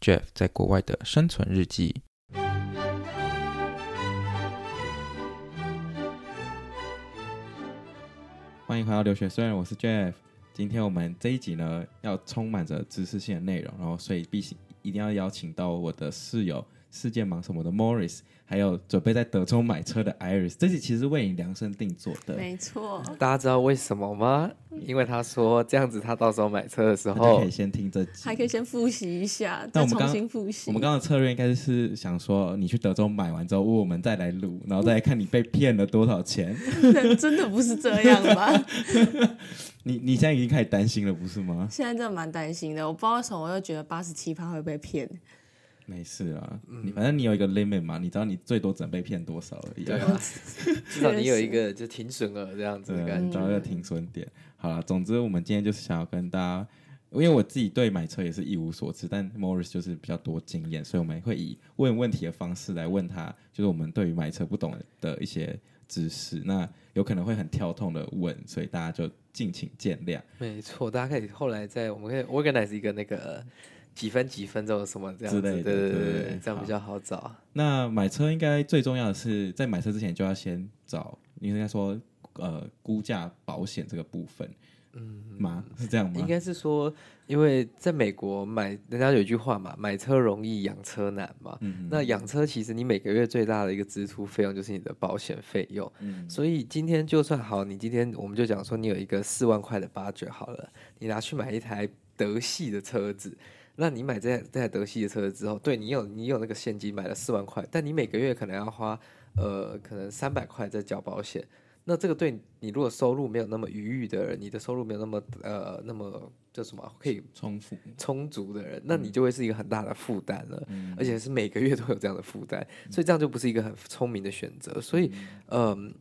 Jeff 在國外的生存日記。歡迎回到留學雖人，我是 Jeff。今天我們這一集呢，要充滿着知識性的內容，然後所以必須一定要邀請到我的室友，世界忙什麼的 Morris。還有準備在德州買車的 Iris，這集其實是為你量身定做的。沒錯，大家知道為什麼嗎？因為他說這樣子，他到時候買車的時候，他就可以先聽這集，還可以先複習一下，再重新複習。我們剛剛的策略應該是想說，你去德州買完之後，我們再來錄，然後再來看你被騙了多少錢。 真的不是這樣嗎？ 你你現在已經開始擔心了，不是嗎？現在真的蠻擔心的，我不知道為什麼，我就覺得八十七趴會被騙。沒事啊，你、嗯、反正你有一個 limit 嘛，你知道你最多準備騙多少而已。對啊，對吧 至少你有一個就停損了這樣子感覺，對，你知找一個停損點。好了，總之我們今天就是想要跟大家，因為我自己對買車也是一無所知，但 Morris 就是比較多經驗，所以我們會以問問題的方式來問他，就是我們對於買車不懂的一些知識，那有可能會很跳痛的問，所以大家就敬請見諒。沒錯，大家可以後來在我們可以 organize 一個那個。幾分幾分鐘什麼這樣子？對對，對對對，對對對對這樣比較好找。好，那買車應該最重要的是，在買車之前就要先找，你應該說，呃，估價保險這個部分，嗯，嗎？是這樣嗎？應該是說，因為在美國買，人家有一句話嘛，“買車容易養車難”嘛。嗯，嗯。那養車其實你每個月最大的一個支出費用就是你的保險費用。嗯。所以今天就算好，你今天我們就講說，你有一個四萬塊的 budget 好了，你拿去買一台德系的車子。那你買這台這台德系的車子之後，對你有你有那個現金買了四萬塊，但你每個月可能要花呃可能三百塊在繳保險。那這個對你，你如果收入沒有那麼餘裕的人，你的收入沒有那麼呃那麼叫什麼可以充足充足的人，那你就會是一個很大的負擔了，嗯、而且是每個月都有這樣的負擔，嗯、所以這樣就不是一個很聰明的選擇。所以，嗯、呃，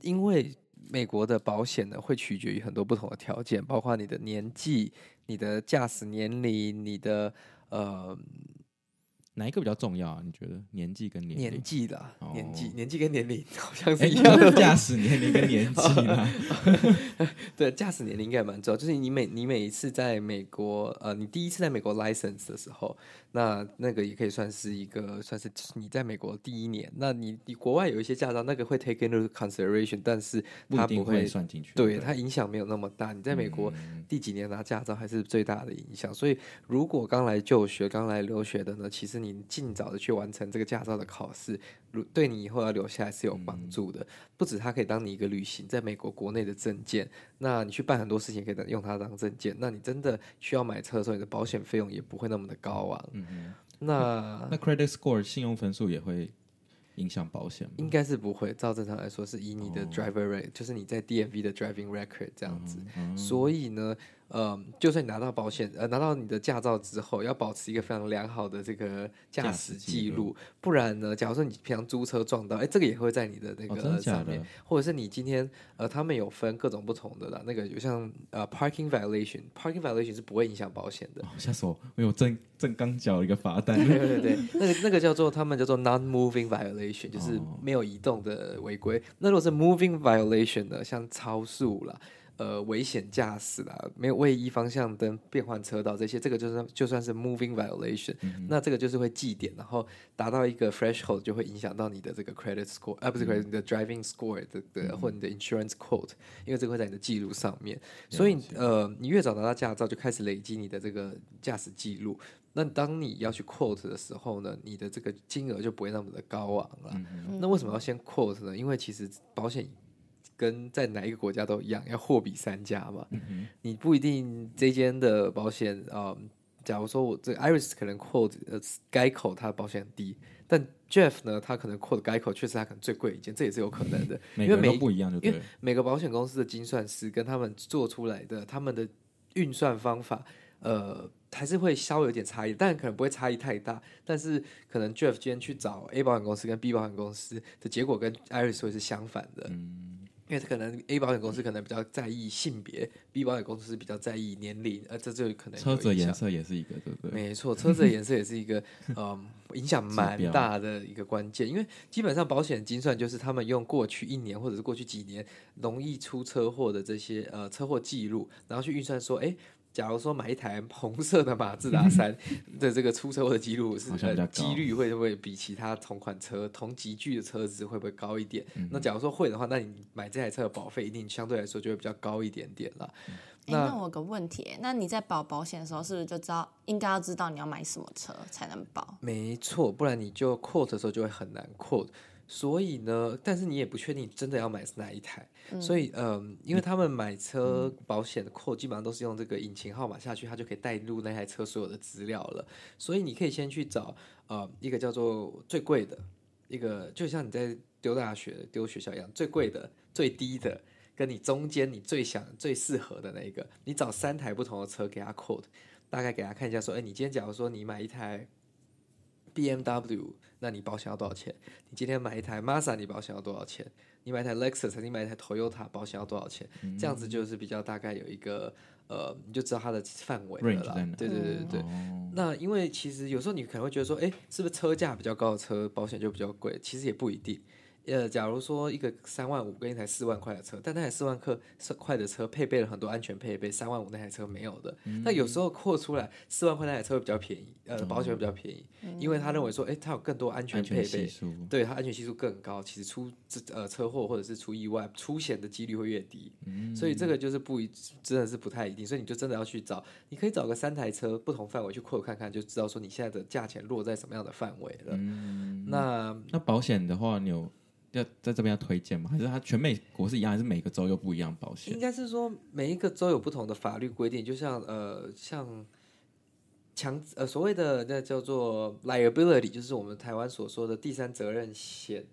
因為美國的保險呢，會取決於很多不同的條件，包括你的年紀，你的駕駛年齡，你的呃。哪一個比較重要啊？你覺得年紀跟年年紀的、oh. 年紀，年紀跟年齡好像是一樣的。駕駛 年齡跟年紀 對，駕駛年齡應該蠻重要。就是你每你每一次在美國，呃，你第一次在美國 license 的時候，那那個也可以算是一個，算是你在美國第一年。那你你國外有一些駕照，那個會 take into consideration，但是它不會，不會算進去。對，對它影響沒有那麼大。你在美國嗯嗯第幾年拿駕照還是最大的影響。所以如果剛來就學，剛來留學的呢，其實你。你儘早的去完成這個駕照的考試，如對你以後要留下來是有幫助的。嗯、不止它可以當你一個旅行在美國國內的證件，那你去辦很多事情可以用它當證件。那你真的需要買車的時候，你的保險費用也不會那麼的高昂、啊。嗯、哼那那，那 credit score 信用分數也會影響保險嗎？應該是不會，照正常來說是以你的 driver rate、哦，就是你在 DMV 的 driving record 這樣子。嗯、哼所以呢？呃、嗯，就算你拿到保險，呃，拿到你的駕照之後，要保持一個非常良好的這個駕駛記錄，駕駛紀錄不然呢，假如說你平常租車撞到，哎、欸，這個也會在你的那個、哦、真的假的？上面，或者是你今天，呃，他們有分各種不同的啦，那個有像呃 parking violation，parking violation 是不會影響保險的。嚇死我！哎有正，正正剛繳一個罰單。 對，對對對，那個那個叫做他們叫做 non-moving violation，就是沒有移動的違規。哦、那如果是 moving violation 呢，像超速啦呃，危險駕駛啦，沒有未依方向燈變換車道這些，這個就算就算是 moving violation，、嗯、那這個就是會記點，然後達到一個 threshold 就會影響到你的這個 credit score，、嗯、啊不是 credit，你的 driving score 的、嗯、或你的 insurance quote，因為這個會在你的記錄上面。所以解呃，你越早拿到駕照就開始累積你的這個駕駛記錄，那當你要去 quote 的時候呢，你的這個金額就不會那麼的高昂了。嗯、那為什麼要先 quote 呢？因為其實保險。跟在哪一個國家都一樣，要貨比三家嘛。嗯、哼你不一定這間的保險啊、呃，假如說我這 Iris 可能 quote 改、呃、口，它的保險低，但 Jeff 呢，他可能 quote 該口，確實他可能最貴一間，這也是有可能的。嗯、因為每，每個不一樣就對，就因每個保險公司的精算師跟他們做出來的，他們的運算方法，呃，還是會稍微有點差異，但可能不會差異太大。但是可能 Jeff 今天去找 A 保險公司跟 B 保險公司的結果，跟 Iris 會是相反的。嗯因為可能 A 保險公司可能比較在意性別，B 保險公司比較在意年齡，呃，這就可能車子的顏色也是一個，對不對？沒錯，車子的顏色也是一個， 嗯，影響蠻大的一個關鍵。因為基本上保險精算就是他們用過去一年或者是過去幾年容易出車禍的這些呃車禍記錄，然後去運算說，哎。假如說買一台紅色的馬自達三的這個出車的記錄是幾率會不會比其他同款車同級距的車子會不會高一點？嗯嗯，那假如說會的話，那你買這台車的保費一定相對來說就會比較高一點點了、嗯那欸。那我有個問題，那你在保保險的時候是不是就知道，應該要知道你要買什麼車才能保？沒錯，不然你就 quote 的時候就會很難 quote。所以呢，但是你也不確定真的要買哪一台。所以，嗯，嗯，因為他們買車保險的 quote 基本上都是用這個引擎號碼下去，它就可以帶入那台車所有的資料了。所以，你可以先去找，呃，一個叫做最貴的，一個就像你在丟大學丟學校一樣，最貴的、最低的，跟你中間你最想最適合的那一個，你找三台不同的車給他 quote，大概給他看一下，說，哎，你今天假如說你買一台。BMW，那你保險要多少錢？你今天買一台瑪莎，你保險要多少錢？你買一台 Lexus，你買一台 Toyota 保險要多少錢？嗯嗯，這樣子就是比較大概有一個呃，你就知道它的範圍了。對 Range line 對對對對。Oh、那因為其實有時候你可能會覺得說，哎、欸，是不是車價比較高的車保險就比較貴？其實也不一定。呃，假如說一個三萬五跟一台四萬塊的車，但那台四萬塊四塊的車配備了很多安全配備，三萬五那台車沒有的。那、嗯、有時候擴出來四萬塊那台車會比較便宜，呃，哦、保險會比較便宜，嗯、因為他認為說，哎，它有更多安全配備，對它安全係數更高。其實出呃車禍或者是出意外出險的幾率會越低。嗯、所以這個就是不一，真的是不太一定。所以你就真的要去找，你可以找個三台車不同範圍去擴看看，就知道說你現在的價錢落在什麼樣的範圍了。嗯、那那保險的話，你有……要在這邊要推薦嗎？還是他全美國是一樣，還是每個州又不一樣保險？應該是說每一個州有不同的法律規定，就像呃，像強呃所謂的那叫做 liability，就是我們台灣所說的第三責任險。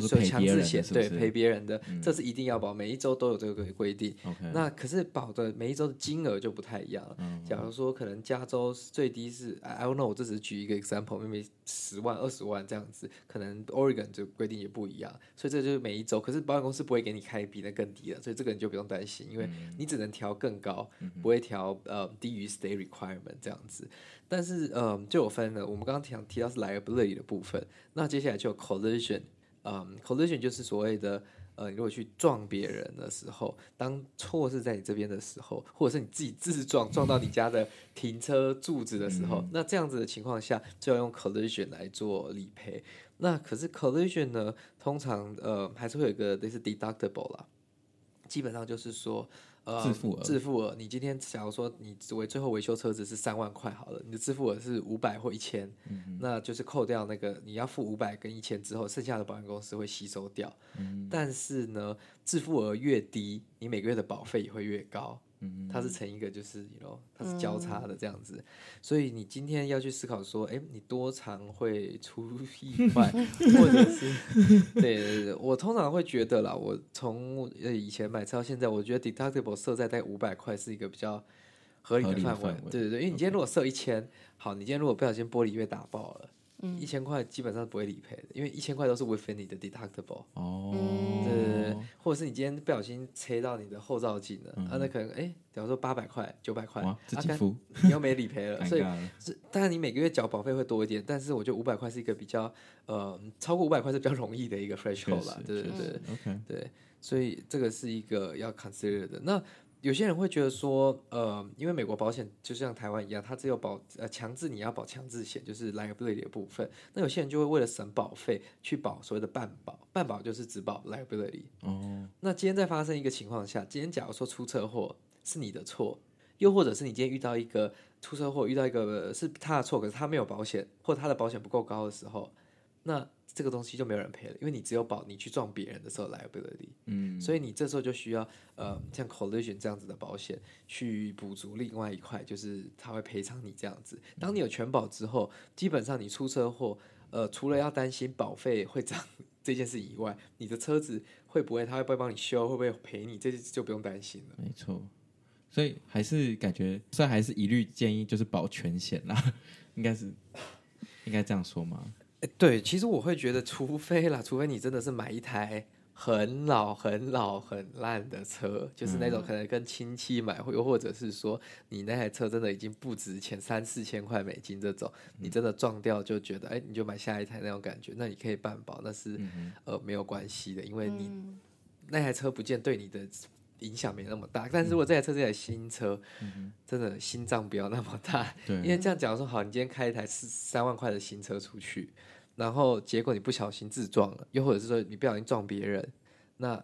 就是強制險，是是對，賠別人的，嗯、這是一定要保，每一州都有這個規定。Okay. 那可是保的每一州的金額就不太一樣嗯嗯假如說可能加州最低是，I don't know，我這只是舉一個 example，maybe 十萬、二十萬這樣子。可能 Oregon 就規定也不一樣，所以這就是每一州。可是保險公司不會給你開比那更低的，所以這個你就不用擔心，因為你只能調更高，嗯嗯不會調呃低於 state requirement 這樣子。但是呃，就有分了。我們剛剛想提到是 liability 的部分，那接下來就有 collision。嗯、um，collision 就是所謂的，呃，你如果去撞別人的時候，當錯是在你這邊的時候，或者是你自己自撞撞到你家的停車柱子的時候， 那這樣子的情況下就要用 collision 來做理賠。那可是 collision 呢，通常呃還是會有一個 is、就是、deductible 啦，基本上就是說。呃，自付額，你今天假如說你為最後維修車子是三萬塊好了，你的自付額是五百或一千、嗯哼，那就是扣掉那個你要付五百跟一千之後，剩下的保險公司會吸收掉。嗯、哼但是呢，自付額越低，你每個月的保費也會越高。它是成一個就是咯，you know, 它是交叉的這樣子，嗯、所以你今天要去思考說，哎，你多長會出意外， 或者是對,對,對,對，我通常會覺得啦，我從呃以前買車到現在，我覺得 deductible 設在大概五百塊是一個比較合理的範圍，範圍對對對，因為你今天如果設一千，好，你今天如果不小心玻璃被打爆了。一千塊基本上不會理賠的，因為一千塊都是 within 你的 deductible。哦。對對對，或者是你今天不小心吹到你的後照鏡了，嗯啊、那可能哎，假、欸、如說八百塊、九百塊，你又沒理賠了, 了所，所以是，但你每個月繳保費會多一點，但是我覺得五百塊是一個比較，嗯、呃，超過五百塊是比較容易的一個 threshold 了，實對對對，OK，實對，okay. 所以這個是一個要 consider 的，那。有些人會覺得說，呃，因為美國保險就像台灣一樣，它只有保呃強制你要保強制險，就是 liability 的部分。那有些人就會為了省保費去保所謂的半保，半保就是只保 liability。哦、嗯。那今天在發生一個情況下，今天假如說出車禍是你的錯，又或者是你今天遇到一個出車禍遇到一個是他的錯，可是他沒有保險，或者他的保險不夠高的時候。那這個東西就沒有人賠了，因為你只有保你去撞別人的時候 liability，嗯，所以你這時候就需要呃像 collision 這樣子的保險去補足另外一塊，就是他會賠償你這樣子。當你有全保之後，基本上你出車禍，呃，除了要擔心保費會漲這件事以外，你的車子會不會，他會不會幫你修，會不會賠你，這些就不用擔心了。沒錯，所以還是感覺，所以還是一律建議就是保全險啦，應該是應該這樣說嗎？對，其實我會覺得，除非啦，除非你真的是買一台很老、很老、很爛的車，就是那種可能跟親戚買，又、嗯、或者是說你那台車真的已經不值錢，三四千塊美金這種，嗯、你真的撞掉就覺得，哎，你就買下一台那種感覺，那你可以半保，那是、嗯、哼呃沒有關係的，因為你、嗯、那台車不見對你的影響沒那麼大。但是如果這台車、嗯、這台新車，嗯、哼真的心臟不要那麼大，對因為這樣講說好，你今天開一台三萬塊的新車出去。然後結果你不小心自撞了，又或者是說你不小心撞別人，那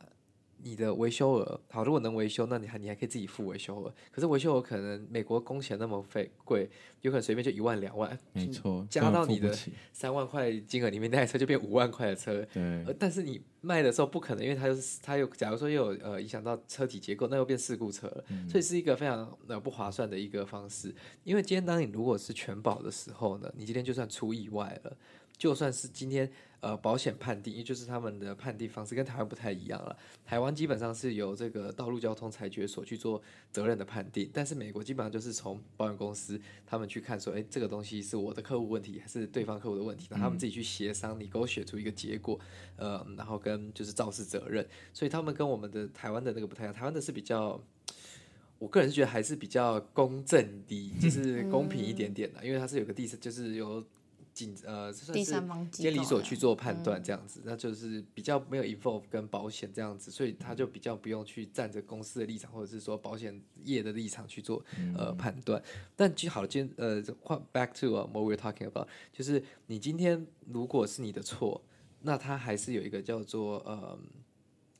你的維修額好，如果能維修，那你還你還可以自己付維修額。可是維修額可能美國工錢那麼費貴，有可能隨便就一萬兩萬，萬沒錯，加到你的三萬塊金額裡面，那台車就變五萬塊的車。對、呃，但是你賣的時候不可能，因為它又、就是、它又假如說又有呃影響到車體結構，那又變事故車了，嗯嗯所以是一個非常、呃、不划算的一個方式。因為今天當你如果是全保的時候呢，你今天就算出意外了。就算是今天，呃，保險判定，因為就是他們的判定方式跟台灣不太一樣了。台灣基本上是由這個道路交通裁決所去做責任的判定，但是美國基本上就是從保險公司他們去看說，誒、欸，這個東西是我的客戶問題還是對方客戶的問題，那他們自己去協商，嗯、你給我寫出一個結果，呃，然後跟就是肇事責任，所以他們跟我們的台灣的那個不太一樣。台灣的是比較，我個人覺得還是比較公正的，就是公平一點點的，嗯、因為它是有個地，就是有。僅呃，算是先理所去做判斷這樣子，嗯、那就是比較沒有 involve 跟保險這樣子，所以他就比較不用去站在公司的立場或者是說保險業的立場去做呃判斷。嗯、但就好了呃，back to what we we're talking about，就是你今天如果是你的錯，那他還是有一個叫做呃，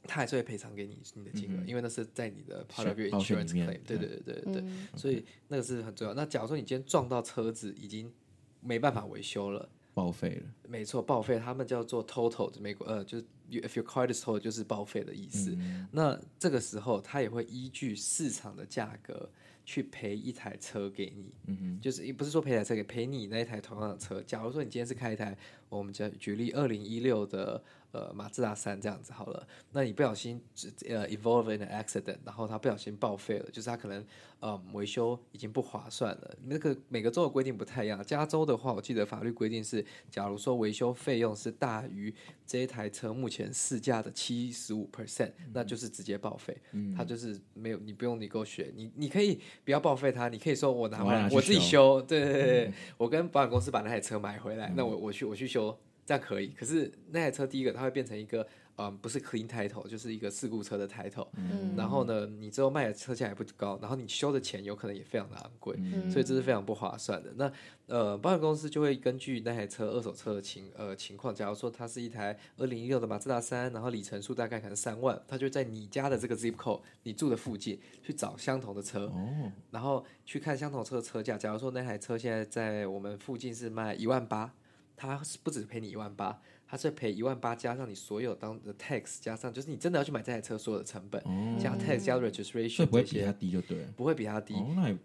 他還是會賠償給你你的金額，嗯、因為那是在你的 part of your insurance claim。對對對對對，嗯、所以那個是很重要。那假如說你今天撞到車子，已經。沒辦法維修了，報廢了，報廢了。沒錯，報廢，他們叫做 total，美國呃，就是 if your car is totaled 就是報廢的意思。嗯嗯，那這個時候，他也會依據市場的價格去賠一台車給你，嗯嗯，就是也不是說賠台車給，賠你那一台同樣的車。假如說你今天是開一台。我們舉舉例2016，二零一六的呃馬自達三這樣子好了。那你不小心呃，evolve in an accident，然後他不小心報廢了，就是他可能呃維修已經不划算了。那個每個州的規定不太一樣，加州的話，我記得法律規定是，假如說維修費用是大於這一台車目前市價的七十五 percent，那就是直接報廢。嗯，嗯，它就是沒有，你不用你給我學，你你可以不要報廢它，你可以說我拿回來、啊、我自己修，對、嗯嗯、對對對，我跟保險公司把那台車買回來，嗯嗯，那我我去我去修。這樣可以，可是那台車第一個它會變成一個，嗯，不是 clean title 就是一個事故車的 title，嗯，然後呢，你之後賣的車價也不高，然後你修的錢有可能也非常的昂貴，嗯，所以這是非常不划算的。那呃，保險公司就會根據那台車二手車的情呃情況，假如說它是一台二零一六的馬自達三，然後里程數大概可能三萬，它就在你家的這個 zip code，你住的附近去找相同的車，哦，然後去看相同車的車價，假如說那台車現在在我們附近是賣一萬八。他是不只賠你一萬八，他是賠一萬八加上你所有當的 tax，加上就是你真的要去買這台車所有的成本，哦、加 tax 加 registration，不會比他低就對，不會比他低。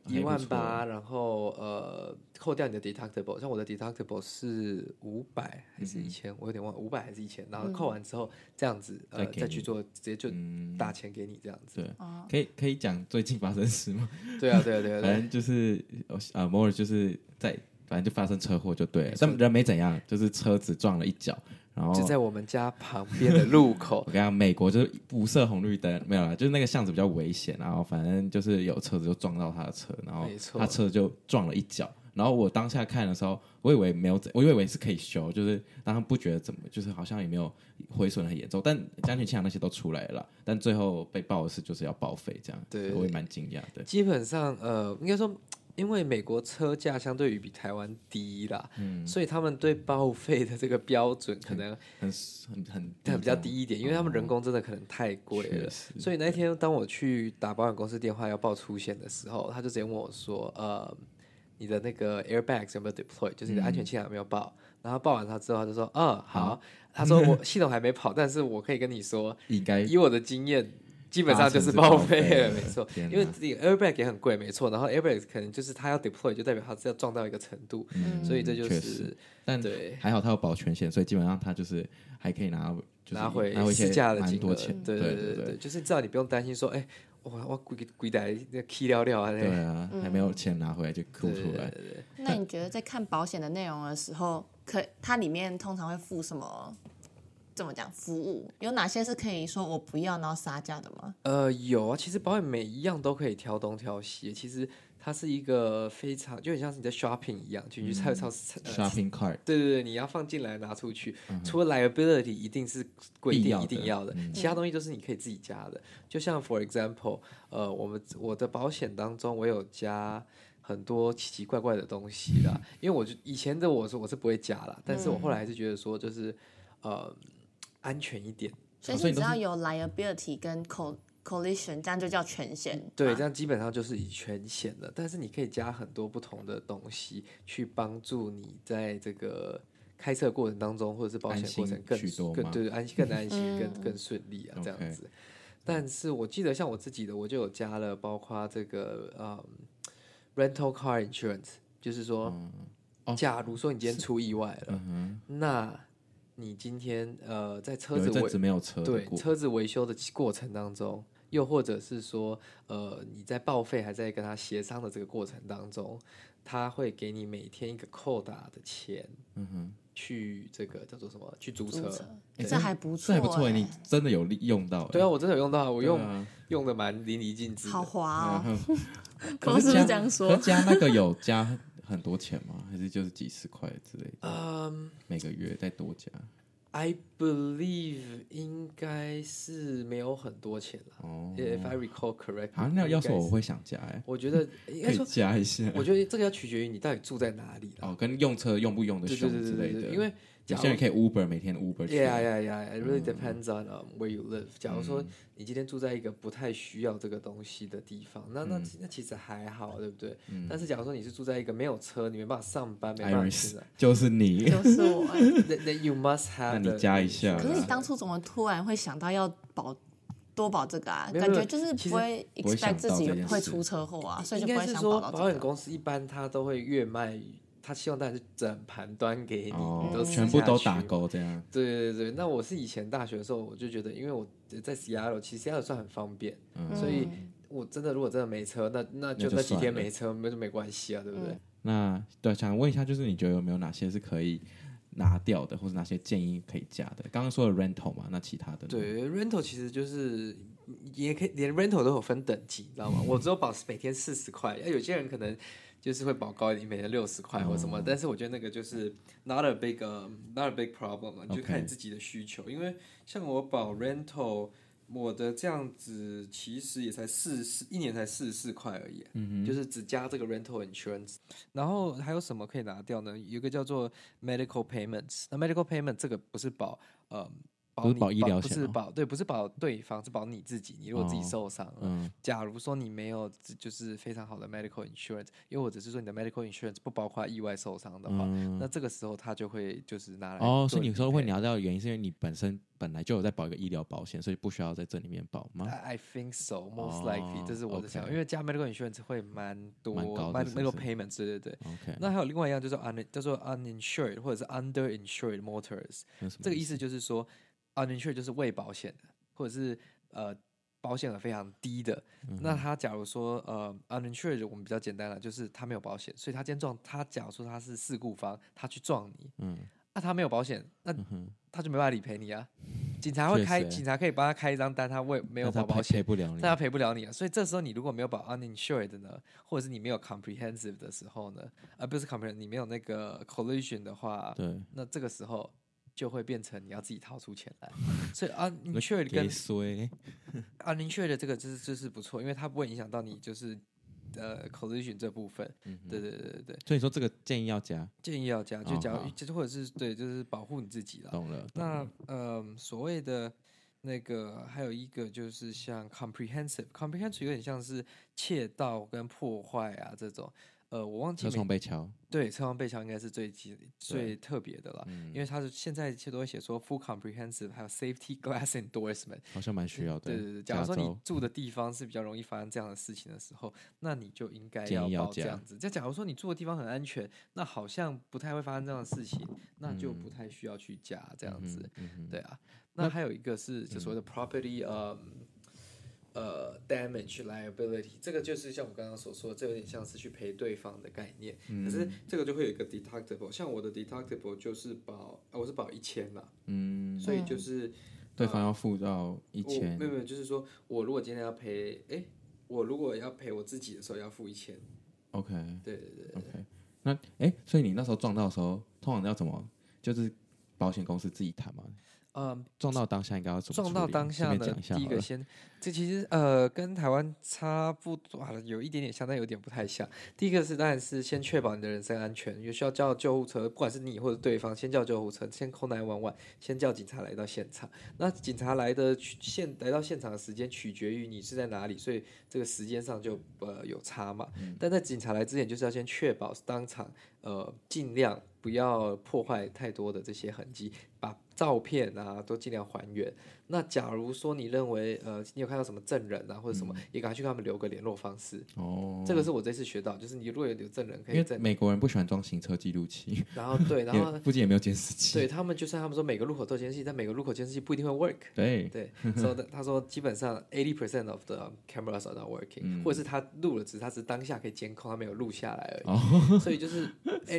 一、哦、萬八，然後呃，扣掉你的 deductible，像我的 deductible 是五百還是一千、嗯，我有點忘，五百還是一千，然後扣完之後這樣子，嗯呃、再再去做，直接就打錢給你這樣子。嗯、對，可以可以講最近發生的事嗎？對啊對啊對啊，對啊對啊 反正就是啊 Morris 就是在。反正就發生車禍就對了，沒錯，但人沒怎樣，就是車子撞了一腳，然後就在我們家旁邊的路口。 我跟你講，美國就是不設紅綠燈，沒有了，就是那個巷子比較危險，然後反正就是有車子就撞到他的車，然後他車就撞了一腳。然後我當下看的時候，我以為沒有怎，我以為為是可以修，就是當他不覺得怎麼，就是好像也沒有毀損很嚴重。但將軍、千那些都出來了，但最後被爆的是就是要報廢這樣。對，我也蠻驚訝的。基本上，呃，應該說。因為美國車價相對於比台灣低啦，嗯，所以他們對報廢的這個標準可能很很很很，比較比較低一點，哦，因為他們人工真的可能太貴了。所以那一天當我去打保險公司電話要報出險的時候，他就直接問我說：“呃，你的那個 airbags 有沒有 deploy，就是你的安全氣囊有沒有爆？”嗯，然後報完他之後，他就說：“嗯，呃，好。啊”他說：“我系統還沒跑， 但是我可以跟你說，應該以我的經驗。”基本上就是報廢，沒錯，因為自己 airbag 也很貴，沒錯。然後 airbag 可能就是它要 deploy，就代表它要撞到一個程度，所以這就是。但對，還好它有保全險，所以基本上它就是還可以拿拿回拿回一些蠻多錢，對對對，就是至少你不用擔心說，哎，我我貴貴在那 key 掉掉啊，對啊，還沒有錢拿回來就哭出來。那你覺得在看保險的內容的時候，可它裡面通常會附什麼？怎麼講？服務有哪些是可以說我不要，然後殺價的嗎？呃，有啊。其實保險每一樣都可以挑東挑西。其實它是一個非常，就很像是你在 shopping 一樣，就你、嗯、去菜超市 shopping cart。對對對，你要放進來拿出去。嗯、哼除了 liability，一定是規定一定要的。嗯、其他東西都是你可以自己加的。就像 for example，呃，我們我的保險當中，我有加很多奇奇怪怪的東西的。 因為我就以前的我是我是不會加啦，但是我後來還是覺得說，就是呃。安全一點，所以你只要有 liability 跟 collision，啊、這樣就叫全險、嗯。對，啊、這樣基本上就是以全險了。但是你可以加很多不同的東西，去幫助你在這個開車過程當中，或者是保險過程更安更對安更安心、嗯、更更順利啊，這樣子。Okay, 但是我記得像我自己的，我就有加了，包括這個呃、嗯、rental car insurance，就是說，嗯哦、假如說你今天出意外了，嗯、那你今天呃，在車子，有一陣子沒有車，對車子維修的過程當中，又或者是說呃，你在報廢還在跟他協商的這個過程當中，他會給你每天一個扣打的錢，嗯哼，去這個叫做什麼去租車，這還不錯，欸，這還不錯，欸，你真的有利用到，欸，對啊，我真的有用到，我用，啊、用的蠻淋漓盡致，好滑哦，啊，公司 這樣說，加那個有加。 很多錢嗎？還是就是幾十塊之類的？嗯，um, 每個月再多加。I believe 應該是沒有很多錢啦。哦、oh.，If I recall correctly 啊，那要說我會想加哎、欸，我覺得應該說 加一下。我覺得這個要取決於你到底住在哪裡哦，oh, 跟用車用不用的凶之類的，對對對對，因為假如你可以 Uber 每天 Uber 去。Yeah yeah yeah, it really depends on where you live. 假如說你今天住在一個不太需要這個東西的地方，嗯、那那那其實還好，對不對？嗯、但是假如說你是住在一個沒有車，你沒辦法上班，沒辦法、啊，Iris, 就是你，就是我。那那 you must have. A, 你加一下。可是你當初怎麼突然會想到要保多保這個啊？沒有沒有感覺就是不會擔心自己會出車禍啊，所以就不會想、這個、應該是說，保險公司一般他都會越賣。他希望大家是整盤端給你，哦、都全部都打勾這樣。對對對那我是以前大學的時候，我就覺得，因為我在 Seattle 其實 Seattle 算很方便，嗯、所以我真的如果真的沒車，那那就那幾天沒車那就沒就沒關係啊，對不對？嗯、那對，想問一下，就是你覺得有沒有哪些是可以拿掉的，或者哪些建議可以加的？剛剛說了 rental 嘛，那其他的對 rental 其實就是也可以，連 rental 都有分等級，你知道嗎？嗯、我只有保持每天四十塊，有些人可能。就是會保高一點，每年六十塊或什麼，oh. 但是我覺得那個就是 not a big、um, not a big problem，就看你自己的需求。Okay. 因為像我保 rental，我的這樣子其實也才四十四，一年才四十四塊而已，mm hmm. 就是只加這個 rental insurance。然後還有什麼可以拿掉呢？有一個叫做 medical payments，那 medical payments 這個不是保呃。嗯你不是保醫療，不是保對，不是保對方，是保你自己。你如果自己受傷，哦嗯、假如說你沒有就是非常好的 medical insurance，又或者是說你的 medical insurance 不包括意外受傷的話，嗯、那這個時候他就會就是拿來哦。所以你說會聊到的原因，是因為你本身本來就有在保一個醫療保險，所以不需要在這裡面保嗎？I think so. Most likely，、哦、這是我的想法，okay. 因為加 medical insurance 會蠻多蠻多 payment。的是是 Payments, 對對對，對 Okay. 那還有另外一樣就是 u n d 叫做 uninsured 或者是 underinsured motorists。Ins ars, 這個意思就是說。uninsured 就是未保險的，或者是呃保險額非常低的。嗯、哼那他假如說呃 uninsured 我們比較簡單了，就是他沒有保險，所以他今天撞，他假如說他是事故方，他去撞你，嗯，那、啊、他沒有保險，那、嗯、哼他就沒辦法理賠你啊。警察會開，確實警察可以幫他開一張單，他未他沒有保保險，他賠不了你，他賠不了你啊。所以這時候你如果沒有保 uninsured 呢，或者是你沒有 comprehensive 的時候呢，而、啊、不是 comprehensive，你沒有那個 collision 的話，對，那這個時候。就會變成你要自己掏出錢來，所以啊，uninsured 跟啊 uninsured 的這個就是就是不錯，因為它不會影響到你，就是呃、uh, collision 這部分。對對對對、嗯、所以說這個建議要加，建議要加，就假如，就是、哦、或者是、哦、對，就是保護你自己啦。懂了。懂了那呃，所謂的那個還有一個就是像 comprehensive，comprehensive comprehensive 有點像是竊盜跟破壞啊這種。呃，我忘記了，對，車窗被敲應該是最最特別的了，嗯、因為它是現在其實都會寫說 full comprehensive，還有 safety glass endorsement，好像蠻需要的、嗯。對對對，加州假如說你住的地方是比較容易發生這樣的事情的時候，那你就應該要保這樣子。就假如說你住的地方很安全，那好像不太會發生這樣的事情，那就不太需要去加這樣子。嗯、對啊，那還有一個是就所謂的 property 啊、嗯。Um, 呃、uh,，damage liability 這個就是像我剛剛所說，這有點像是去賠對方的概念。嗯、可是這個就會有一個 deductible，像我的 deductible 就是保、啊，我是保一千嘛。嗯，所以就是、嗯啊、對方要付到一千。沒有沒有，就是說我如果今天要賠，誒、欸，我如果要賠我自己的時候要付一千。OK。對對對對。Okay, 那誒、欸，所以你那時候撞到的時候，通常要怎麼？就是保險公司自己談嗎？嗯，撞到當下應該要怎麼做？撞到當下呢，一下第一個先，這其實呃跟台灣差不多了，有一點點像，但有點不太像。第一個是當然是先確保你的人身安全，有需要叫救護車，不管是你或者對方，先叫救護車，先空難完完，先叫警察來到現場。那警察來的現來到現場的時間取決於你是在哪裡，所以這個時間上就呃有差嘛。嗯、但在警察來之前，就是要先確保當場呃盡量不要破壞太多的這些痕跡。把照片啊都儘量還原。那假如說你認為呃你有看到什麼證人啊或者什麼，也趕快去跟他們留個聯絡方式。哦，這個是我這次學到，就是你如果有證人可以。因為美國人不喜歡裝行車記錄器。然後對，然後附近也沒有監視器。對他們，就算他們說每個路口都有監視器，但每個路口監視器不一定會 work。對對，所以他說基本上 eighty percent of the cameras are not working，或者是他錄了，只是他只當下可以監控，他沒有錄下來而已。所以就是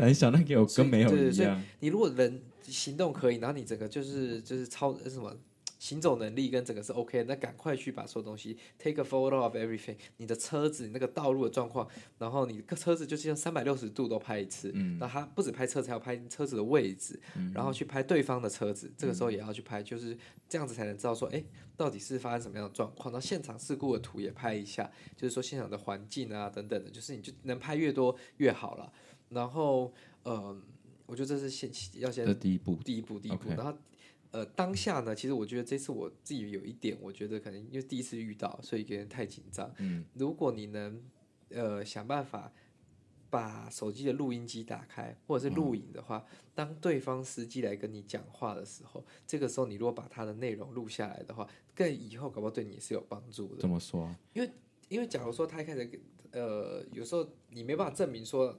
很像那個有跟沒有一樣。對對，你如果人行動可以，然後。你整個就是就是超是什麼行走能力跟整個是 OK，那趕快去把所有東西 take a photo of everything。你的車子、你那個道路的狀況，然後你個車子就是用三百六十度都拍一次。嗯。那它不止拍車子，還要拍車子的位置，嗯、然後去拍對方的車子。嗯、這個時候也要去拍，就是這樣子才能知道說，誒、嗯，到底是發生什麼樣的狀況。那現場事故的圖也拍一下，就是說現場的環境啊等等的，就是你就能拍越多越好了。然後，嗯、呃。我覺得這是先要先的第一步，第一步，第一步。然後，呃，當下呢，其實我覺得這次我自己有一點，我覺得可能因為第一次遇到，所以有點太緊張。嗯，如果你能呃想辦法把手機的錄音機打開，或者是錄影的話，嗯，當對方司機來跟你講話的時候，這個時候你如果把他的內容錄下來的話，更以後搞不好對你是有幫助的。怎麼說啊？因為因為假如說他一開始呃，有時候你沒辦法證明說。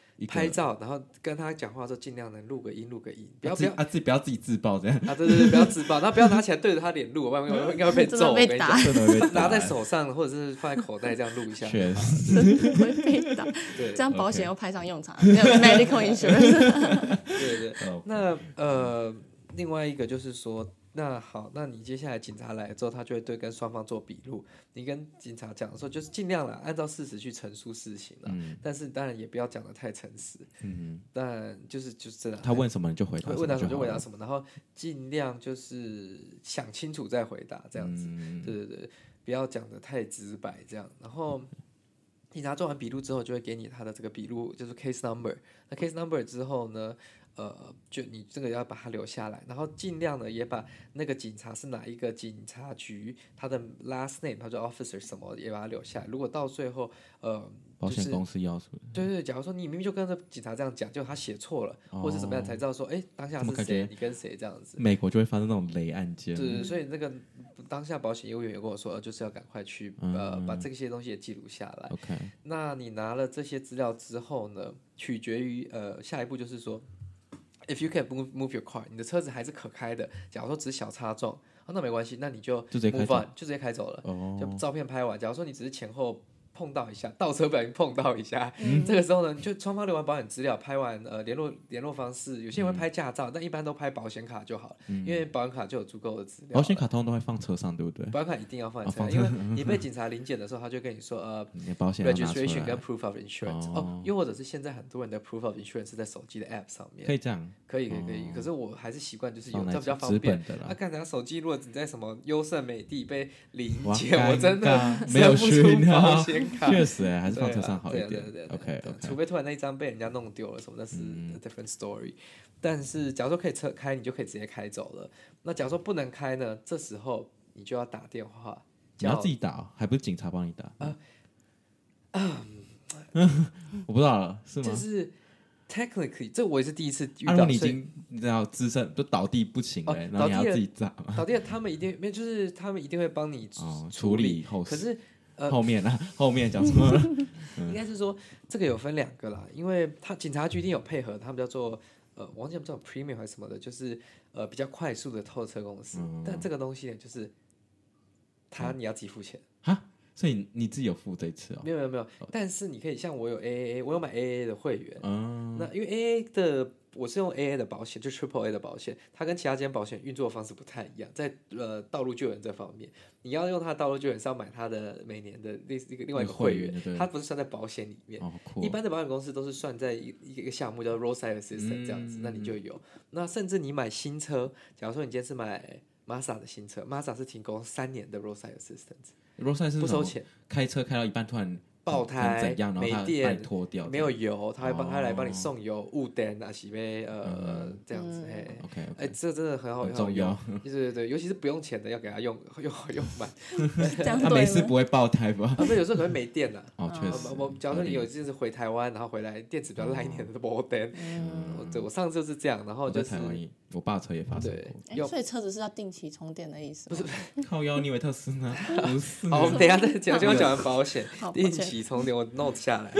拍照，然後跟他講話都盡量能錄個音，錄個音，不要不要啊自己不要自己自爆這樣啊對對對，不要自爆，然後不要拿起來對着他臉錄，我應該會被揍、被打，拿在手上或者是放在口袋這樣錄一下，真的會被打，這樣保險又派上用場。沒有 medical insurance。對對，那呃另外一個就是說。那好，那你接下來警察來了之後，他就會對跟雙方做筆錄。你跟警察講的時候，就是盡量了，按照事實去陳述事情了。嗯、但是當然也不要講得太誠實。嗯，但就是就是這樣，他問什麼你就回答，欸、問他什麼就回答什麼，然後盡量就是想清楚再回答這樣子。嗯、對對對，不要講得太直白這樣。然後警察做完筆錄之後，就會給你他的這個筆錄，就是 case number。那 case number 之後呢？呃，就你這個要把它留下來，然後盡量的也把那個警察是哪一個警察局，他的 last name，他說 officer 什麼也把它留下來。如果到最後，呃，就是、保險公司要什麼？對對，假如說你明明就跟着警察這樣講，就他寫錯了，哦、或者是怎麼樣，才知道說，哎，當下是誰，你跟誰這樣子？美國就會發生那種雷案件。對對，所以那個當下保險業務員也跟我說，呃，就是要趕快去呃、嗯、把這些東西也記錄下來。OK，那你拿了這些資料之後呢？取決於呃，下一步就是說。If you can move, move your car，你的車子還是可開的。假如說只是小擦撞，啊，那沒關係，那你就 move on，就直接開走了。就照片拍完，假如說你只是前後，碰到一下倒車，不小心碰到一下，這個時候呢，就雙方留完保險資料，拍完呃聯絡聯絡方式，有些人會拍駕照，但一般都拍保險卡就好了，因為保險卡就有足夠的資料。保險卡通常都會放車上，對不對？保險卡一定要放在車上，因為你被警察臨檢的時候，他就跟你說呃，你的保險。然後就說 registration 跟 proof of insurance，哦，又或者是現在很多人的 proof of insurance 是在手機的 app 上面，可以這樣，可以可以可以。可是我還是習慣就是有這樣比較方便的啦。他看才手機如果只在什麼優勝美地被臨檢，我真的沒有出保險。確實哎、欸，還是放車上好一點。啊啊啊啊啊啊、OK，okay. 除非突然那一張被人家弄丟了什麼，那是 different story。嗯、但是，假如說可以車開，你就可以直接開走了。那假如說不能開呢？這時候你就要打電話。你要自己打、哦，還不是警察幫你打？嗯、啊，啊嗯、我不知道了，是嗎？就是 technically，這我也是第一次遇到。阿龍、啊、已經你知道自身都倒地不行、欸，哎、啊，然後你要自己打。倒地了，他們一定，沒有，就是他們一定會幫你、哦、處理，處理後事可是。呃、後面呢、啊？後面講什麼？ 應該是說這個有分兩個啦，因為他警察局一定有配合，他們叫做呃，完全不知道 premium 還是什麼的，就是呃比較快速的拖車公司。嗯、但這個東西呢，就是他你要自己付錢哈、嗯，所以你自己有付這一次哦？沒有沒有沒有，的但是你可以像我有 A A A，我有買 A A 的會員，嗯，那因為 A A 的。我是用 AA 的保險，就 Triple A 的保險，它跟其他間保險運作的方式不太一樣。在呃道路救援這方面，你要用它道路救援是要買它的每年的另外一個會員，會員它不是算在保險裡面。哦、一般的保險公司都是算在一一個項目叫 Roadside Assistance 這樣子，嗯、那你就有。那甚至你買新車，假如說你今天是買 Mazda 的新車 Mazda 是提供三年的 Roadside Assistance，Roadside assistance, 不收錢，開車開到一半突然。爆胎，沒電，沒有油，他會幫他來幫你送油、霧燈啊，什麼呃，這樣子。OK，哎，這真的很好用。重要。就是對，尤其是不用錢的，要給他用用用滿。他沒事不會爆胎吧？不是，有時候可能沒電了。哦，確實。我假如說你有一次是回台灣，然後回來電池比較爛一點，就沒電。我上次就是這樣，然後就是。我在台灣，我爸車也發生過。所以車子是要定期充電的意思？不是，靠腰你以為特斯嗎？好，我們等一下再講，先講完保險，定期。充電，我 note 下來。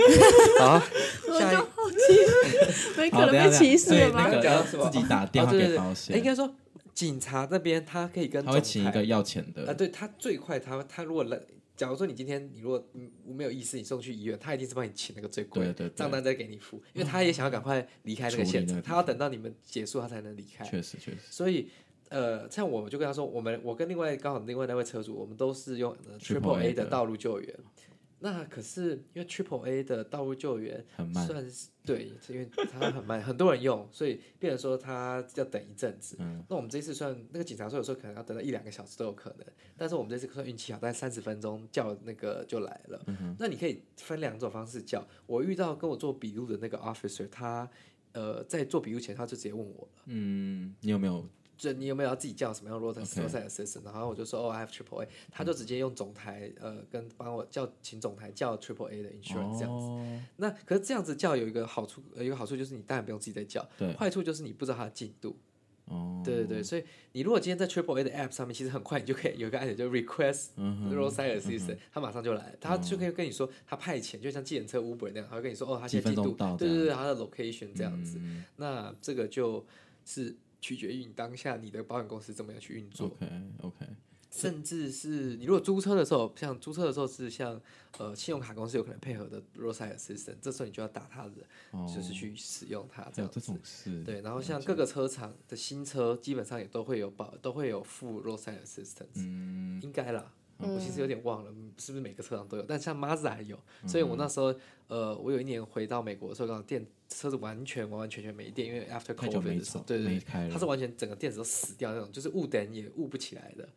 好，我就好奇是是， 可能被歧視吧？自己打電話給保險、哦欸，應該說警察那邊他可以跟他請一個要錢的啊、呃，對他最快他他如果來，假如說你今天你如果、嗯、沒有意識，你送去醫院，他一定是幫你請那個最貴的，賬單再給你付，因為他也想要趕快離開這個現場，嗯、他要等到你們結束他才能離開。確實確實，確實，所以呃，像我就跟他說，我們我跟另外剛好另外那位車主，我們都是用 triple A 的道路救援。啊那可是因為 Triple A 的道路救援很慢，算是對，是因為它很慢， 很多人用，所以變成說他要等一陣子。嗯、那我們這次算那個警察說，有時候可能要等到一兩個小時都有可能。但是我們這一次算運氣好，大概三十分鐘叫那個就來了。嗯、哼那你可以分兩種方式叫，我遇到跟我做筆錄的那個 officer，他呃在做筆錄前他就直接問我了，嗯，你有沒有、嗯？就你有沒有要自己叫什麼樣 roadside assistant？Okay. 然後我就說哦，I have triple A，他就直接用總台呃，跟幫我叫，請總台叫 Triple A 的 insurance，哦，這樣子。那可是這樣子叫有一個好處，呃，一個好處就是你當然不用自己再叫，對。壞處就是你不知道他的進度。哦，對對對，所以你如果今天在 Triple A 的 app 上面，其實很快你就可以有一個按鈕叫 request roadside assistant，他，嗯、馬上就來，他就可以跟你說他，嗯、派遣，就像計程車 Uber 那樣，他會跟你說哦，他現在進度，對對對，他的 location 這樣子。嗯、那這個就是。取決於你當下你的保險公司怎麼樣去運作。OK, okay，甚至是你如果租車的時候，像租車的時候是像呃信用卡公司有可能配合的 roadside assistance，這時候你就要打他的，哦，就是去使用它這樣子。對，然後像各個車廠的新車基本上也都會有保，都會有付 roadside assistance，嗯，應該啦。我其實有點忘了，是不是每個車上，都有？但像 Mazda 還有，嗯、哼所以我那時候，呃，我有一年回到美國的時候，我的電車子完全完完全全沒電，因為 After COVID 的時候，對對，它是完全整個電池都死掉那種，就是霧燈也霧不起來的。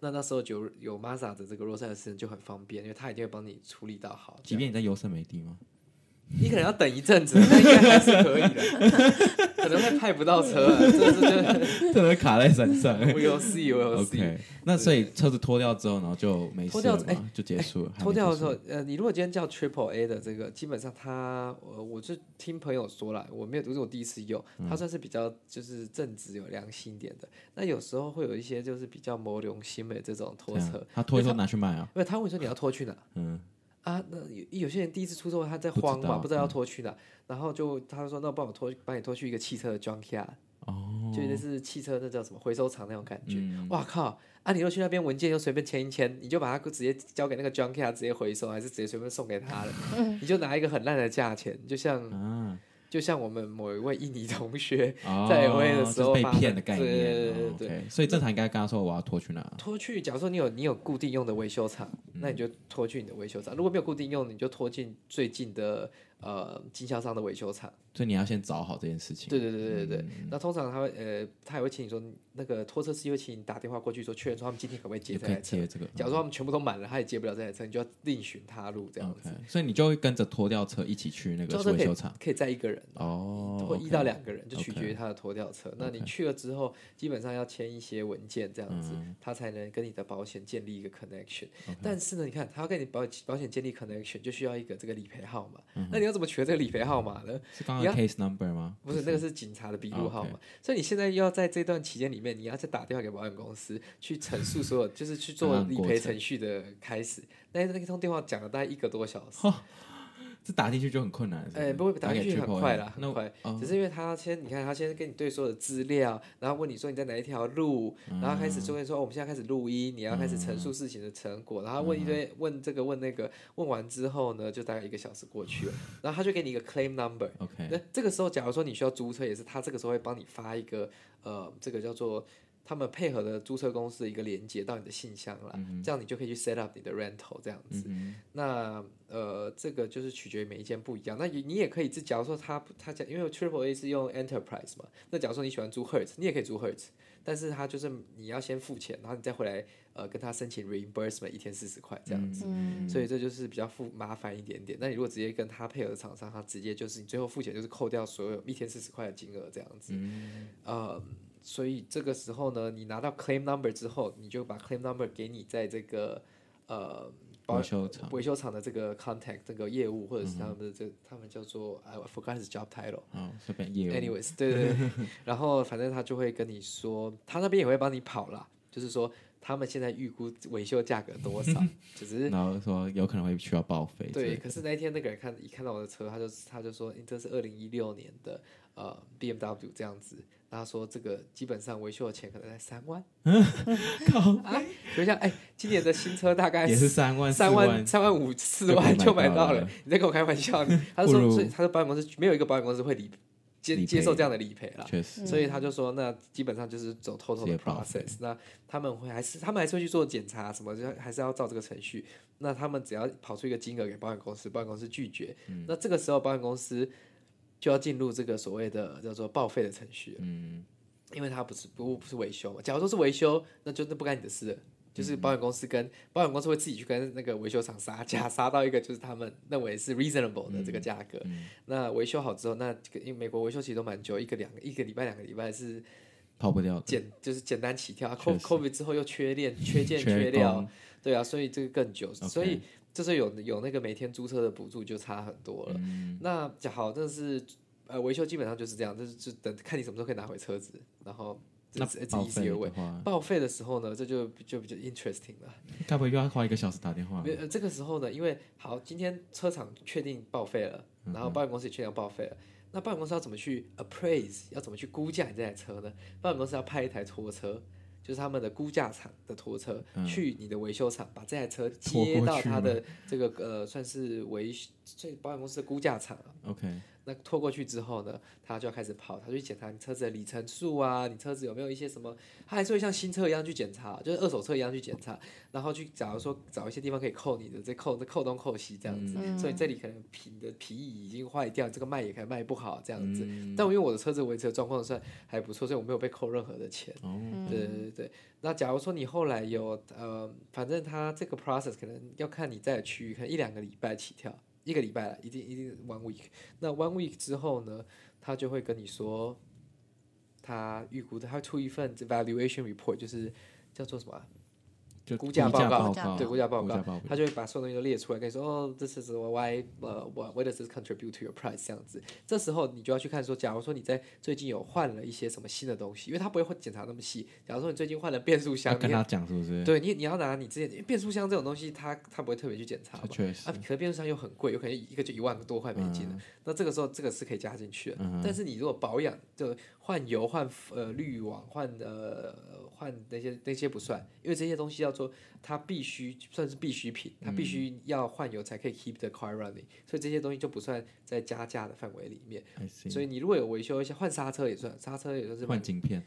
那那時候就有 Mazda 的這個 roadside 的事情就很方便，因為他一定會幫你處理到好。即便你在優勝美地嗎？你可能要等一陣子，那應該還是可以的，可能會派不到車，是不是？就可能卡在山上。我有試，我有試。那所以車子拖掉之後，然後就沒事，哎，就結束了。拖掉的時候，呃，你如果今天叫 Triple A 的這個，基本上他，呃，我是聽朋友說了，我沒有，這是我第一次用，他算是比較就是正直有良心一點的。那有時候會有一些就是比較沒良心的這種拖車，他拖車拿去賣啊？因為他會說你要拖去哪？嗯。啊，那有有些人第一次出售，他在慌嘛，不知，不知道要拖去哪，嗯、然後就他就說：“那幫我拖，幫你拖去一個汽車的 junkyard 就那是汽車，那叫什麼回收廠那種感覺。嗯、哇靠！啊，你又去那邊文件又隨便簽一簽，你就把它直接交給那個 junkyard 直接回收，還是直接隨便送給他了？ 你就拿一個很爛的價錢，就像……啊就像我們某一位印尼同學在位、哦、的時候，被騙的概念。對，對，對，對、哦 okay，所以正常應該跟他說，我要拖去哪？拖去。假如說你有你有固定用的維修廠，嗯、那你就拖去你的維修廠。如果沒有固定用，你就拖進最近的。呃，經銷商的維修廠，所以你要先找好這件事情。對對對對對。那通常他會，呃，他也會請你說，那個拖車司機會請你打電話過去說確認，說他們今天可不可以接這台車？這個。假如說他們全部都滿了，他也接不了這台車，你就要另尋他路這樣子。所以你就會跟着拖吊車一起去那個維修廠。可以載一個人哦，或一到兩個人，就取決於他的拖吊車。那你去了之後，基本上要簽一些文件這樣子，他才能跟你的保險建立一個 connection。但是呢，你看他要跟你保保險建立 connection，就需要一個這個理賠號嘛，那。你要怎麼取得這個理賠號碼呢？是剛剛你要 case number 嗎？不是，這、那個是警察的筆錄號碼。哦 okay、所以你現在要在這段期間裡面，你要再打電話給保險公司，去陳述所有， 就是去做理賠程序的開始。那那一通電話講了大概一個多小時。這打進去就很困難是不是？哎，欸、不會，打進去很快啦。很快。只是因為他先，你看，他先跟你對所有的資料，然後問你說你在哪一條路，然後開始就會說，我們現在開始錄音，你要開始陳述事情的成果，然後問一堆問這個問那個，問完之後呢，就大概一個小時過去了，然後他就給你一個 claim number。OK，那這個時候假如說你需要租車，也是他這個時候會幫你發一個呃，這個叫做。他們配合的租車公司的一個連接到你的信箱啦，嗯、哼這樣你就可以去 set up 你的 rental 這樣子。嗯、哼那呃，這個就是取決於每一間不一樣。那你你也可以自，假如說他他講，因為 Triple A 是用 enterprise 嘛，那假如說你喜歡租 Hertz，你也可以租 Hertz，但是他就是你要先付錢，然後你再回來呃跟他申請 reimbursement 一天四十塊這樣子。嗯、所以這就是比較付麻煩一點點。那你如果直接跟他配合的廠商，他直接就是你最後付錢就是扣掉所有一天四十塊的金額這樣子。嗯。嗯所以這個時候呢，你拿到 claim number 之後，你就把 claim number 給你在這個呃保修廠維修廠的這個 contact 這個業務或者是他們的這個嗯、哼他們叫做 I forgot his job title。這邊業務。Anyways，對對對。 然後反正他就會跟你說，他那邊也會幫你跑啦，就是說他們現在預估維修價格多少， 就是然後說有可能會需要報廢。對，對可是那一天那個人看一看到我的車，他就是、他就說，這是二零一六年的呃 BMW 這樣子。他說：“這個基本上維修的錢可能在三萬呵呵、啊，就像哎、欸，今年的新車大概也是三萬、三萬、三萬五、四萬就買到了。了你在跟我開玩笑？他就說，所以他說保險公司沒有一個保險公司會接理接接受這樣的理賠了。嗯、所以他就說，那基本上就是走偷偷的 process。那他們會還是他們還是會去做檢查，什麼就還是要照這個程序。那他們只要跑出一個金額給保險公司，保險公司拒絕。嗯、那這個時候保險公司。”就要進入這個所謂的叫做報廢的程序，嗯，因為它不是不不是維修嘛。假如說是維修，那就那不干你的事，嗯、就是保險公司跟保險公司會自己去跟那個維修廠殺價，殺到一個就是他們認為是 reasonable 的這個價格。嗯嗯、那維修好之後，那因為美國維修期都蠻久，一個兩個一個禮拜兩個禮拜是跑不掉的。簡就是簡單起跳實、啊、COVID 之後又缺鏈缺件缺料，缺工對啊，所以這個更久，Okay. 所以。就是有有那個每天租車的補助就差很多了，嗯、那好，但是呃維修基本上就是這樣，就是就等看你什麼時候可以拿回車子，然後那報廢的話，報廢的時候呢，這就就比較 interesting 了，該不會又要花一個小時打電話？沒、呃，這個時候呢，因為好，今天車廠確定報廢了，然後保險公司也確定要報廢了，嗯嗯那保險公司要怎麼去 appraise，要怎麼去估價你這台車呢？保險公司要派一台拖車。就是他們的估價廠的拖車去你的維修廠，嗯、把這台車接到他的這個呃，算是維修，所以保險公司的估價廠、啊。Okay. 那拖過去之後呢，他就要開始跑，他就去檢查你車子的里程數啊，你車子有沒有一些什麼，他還是會像新車一樣去檢查，就是二手車一樣去檢查，然後去假如說找一些地方可以扣你的，再扣這扣東扣西這樣子，嗯、所以這裡可能皮你的皮椅已經壞掉，這個賣也可能賣不好這樣子。嗯、但我用我的車子維持的狀況算還不錯，所以我沒有被扣任何的錢。嗯、對對對對，那假如說你後來有呃，反正他這個 process 可能要看你在的區域，可能一兩個禮拜起跳。一個禮拜了，一定一定 one week。那 one week 之後呢，他就會跟你說，他預估的，他會出一份 evaluation report，就是叫做什麼啊？估價報告，對，估價報告，他就會把所有東西都列出來，跟你說，哦，這次是 why、uh, why does this contribute to your price 這樣子。這時候你就要去看說，假如說你在最近有換了一些什麼新的東西，因為他不會檢查那麼細。假如說你最近換了變速箱，跟他講是不是？你對你你要拿你之前，變速箱這種東西，他他不會特別去檢查嘛。確實。啊，可能變速箱又很貴，有可能一個就一萬多塊美金，嗯、哼那這個時候這個是可以加進去的。嗯、哼但是你如果保養，就換油換呃濾網換呃換那些那些不算，因為這些東西要。說它必須算是必需品，它必須要換油才可以 keep the car running，所以這些東西就不算在加價的範圍裡面。I see. 所以你如果有維修一下換剎車也算，剎車也算是換鏡晶片，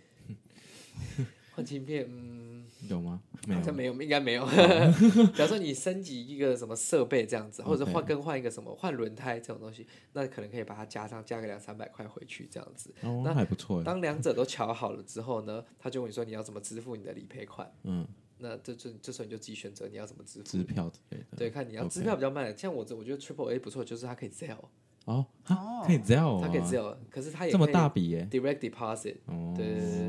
換 鏡片，嗯，有嗎？好像沒有，應該沒有。有嗎 假如說你升級一個什麼設備這樣子， 或者換更換一個什麼換輪胎這種東西，那可能可以把它加上，加個兩三百塊回去這樣子。哦、那還不錯。當兩者都喬好了之後呢，他就問你說你要怎麼支付你的理賠款？嗯。那這這這時候你就自己選擇你要怎麼支付，支票之類的。對，看你要支票比較慢，okay，像我這我覺得 Triple A 不錯，就是它可以 sell。哦，oh, 可以 Zelle，啊，他可以 Zelle，可是他也 deposit, 這麼大筆耶，Direct Deposit，對對對，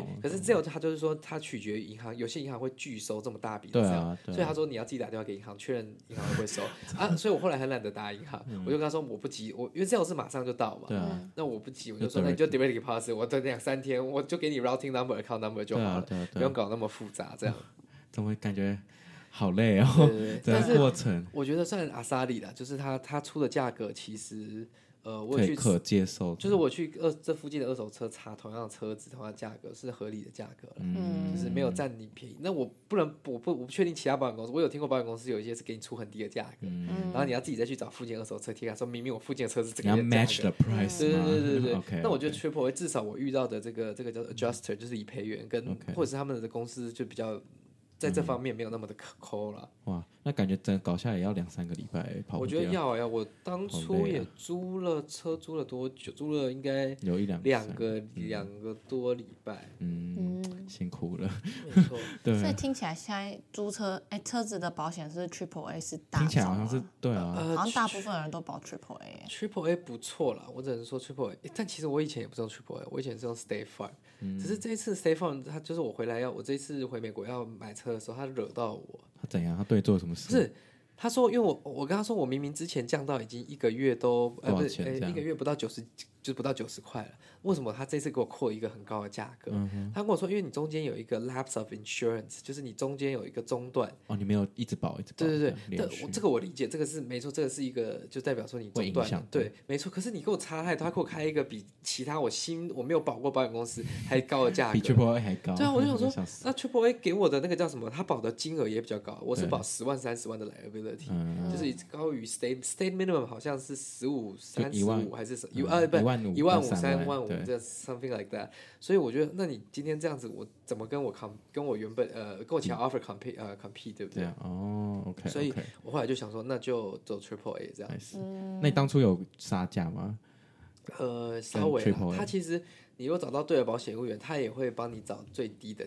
哎，嗯，可是 Zelle 他就是說，他取決於銀行，有些銀行會拒收這麼大筆的這樣，啊啊，所以他說你要自己打電話給銀行確認，銀行會收 啊，所以我後來很懶得打銀行，嗯，我就跟他說我不急，我因為 Zelle 是馬上就到嘛，啊，那我不急，我就說那你就 Direct Deposit，我等兩三天我就給你 Routing Number、Account Number 就好了，啊啊啊啊，不用搞那麼複雜這樣，怎麼感覺？好累哦，但是我覺得算阿莎力的，就是他他出的價格其實呃我去可、可接受，就是我去二這附近的二手車查同樣的車子，同樣的價格是合理的價格，嗯，就是沒有占你便宜。那我不能我不我不、我不確定其他保險公司，我有聽過保險公司有一些是給你出很低的價格，嗯、然後你要自己再去找附近二手車貼卡，說明明我附近的車子要 match the price。對對對對對。那 Okay, okay. 我覺得 Triple A 至少我遇到的這個這個叫 Adjuster 就是理賠員跟 Okay. 或者是他們的公司就比較。在這方面沒有那麼的摳了、嗯。哇，那感覺整搞下來也要兩三個禮拜、欸。我覺得要呀，我當初也租了、啊、車，租了多久？租了應該有一兩兩個兩個多禮拜。嗯。辛苦了，沒錯。所以聽起來現在租車，哎、欸，車子的保險是 triple A，是聽起來好像是對啊，呃、好像大部分人都保 triple A。triple A 不錯了，我只能說 triple A、欸。但其實我以前也不知道 triple A，我以前是用 State Farm、嗯。只是這一次 State Farm，他就是我回來要，我這一次回美國要買車的時候，他惹到我。他怎樣？他對做什麼事？不是，他說，因為我我跟他說，我明明之前降到已經一個月都，不、呃、對、欸，一個月不到九十。.就不到九十塊了，為什麼他這次給我擴一個很高的價格？嗯、哼他跟我說，因為你中間有一個 lapse of insurance，就是你中間有一個中斷。哦，你沒有一直保一直保。對對對，這解這個我理解，這個是沒錯，這個是一個就代表說你中斷。對，沒錯。可是你給我差太多，他給我開一個比其他我新我沒有保過保險公司還高的價格， 比 Triple A 還高。對啊，我就想說，嗯、那 Triple A 給我的那個叫什麼？他保的金額也比較高，我是保十萬三十萬的 liability，、嗯嗯、就是高於 state state minimum，好像是十五三十五還是什麼？二不、嗯。一萬五三萬五，這 something like that 對。所以我覺得，那你今天這樣子，我怎麼跟我 comp 跟我原本呃，跟我前 offer compete 呃、嗯 uh, compete 對不對？哦、yeah, oh,，OK, okay.。所以我後來就想說，那就走 Triple A 這樣。子。嗯、那你當初有殺價嗎？呃，跟 稍微。AAA? 他其實，你如果找到對的保險業務員，他也會幫你找最低的。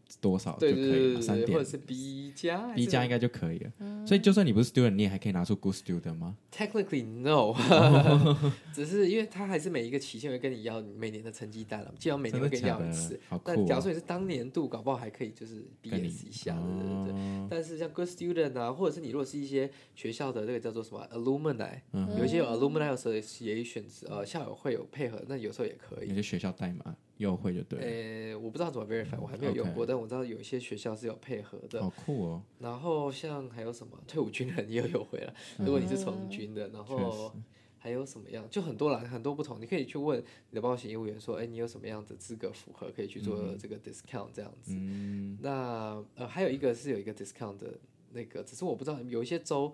多少就可以，三點或者是 B 加，B 加應該就可以了。所以就算你不是 student，你也還可以拿出 good student 嗎？Technically no，只是因為它還是每一個期限會跟你要每年的成績單了，既然每年會跟你要一次，但假如說你是當年度搞不好還可以就是 B S 一下對對對。但是像 good student 啊，或者是你如果是一些學校的那個叫做什麼 alumni，有一些 alumni associations，呃，校友會有配合，那有時候也可以，有些學校代碼。優惠就對了。呃，我不知道怎麼 verify，我還沒有用過，Okay. 但我知道有一些學校是有配合的。好酷哦！然後像還有什麼退伍軍人也有優惠了，嗯、如果你是從軍的，然後還有什麼樣，就很多啦，很多不同。你可以去問你的保險業務員說，哎，你有什麼樣的資格符合可以去做這個 discount 這樣子。嗯那呃，還有一個是有一個 discount 的那個，只是我不知道有一些州。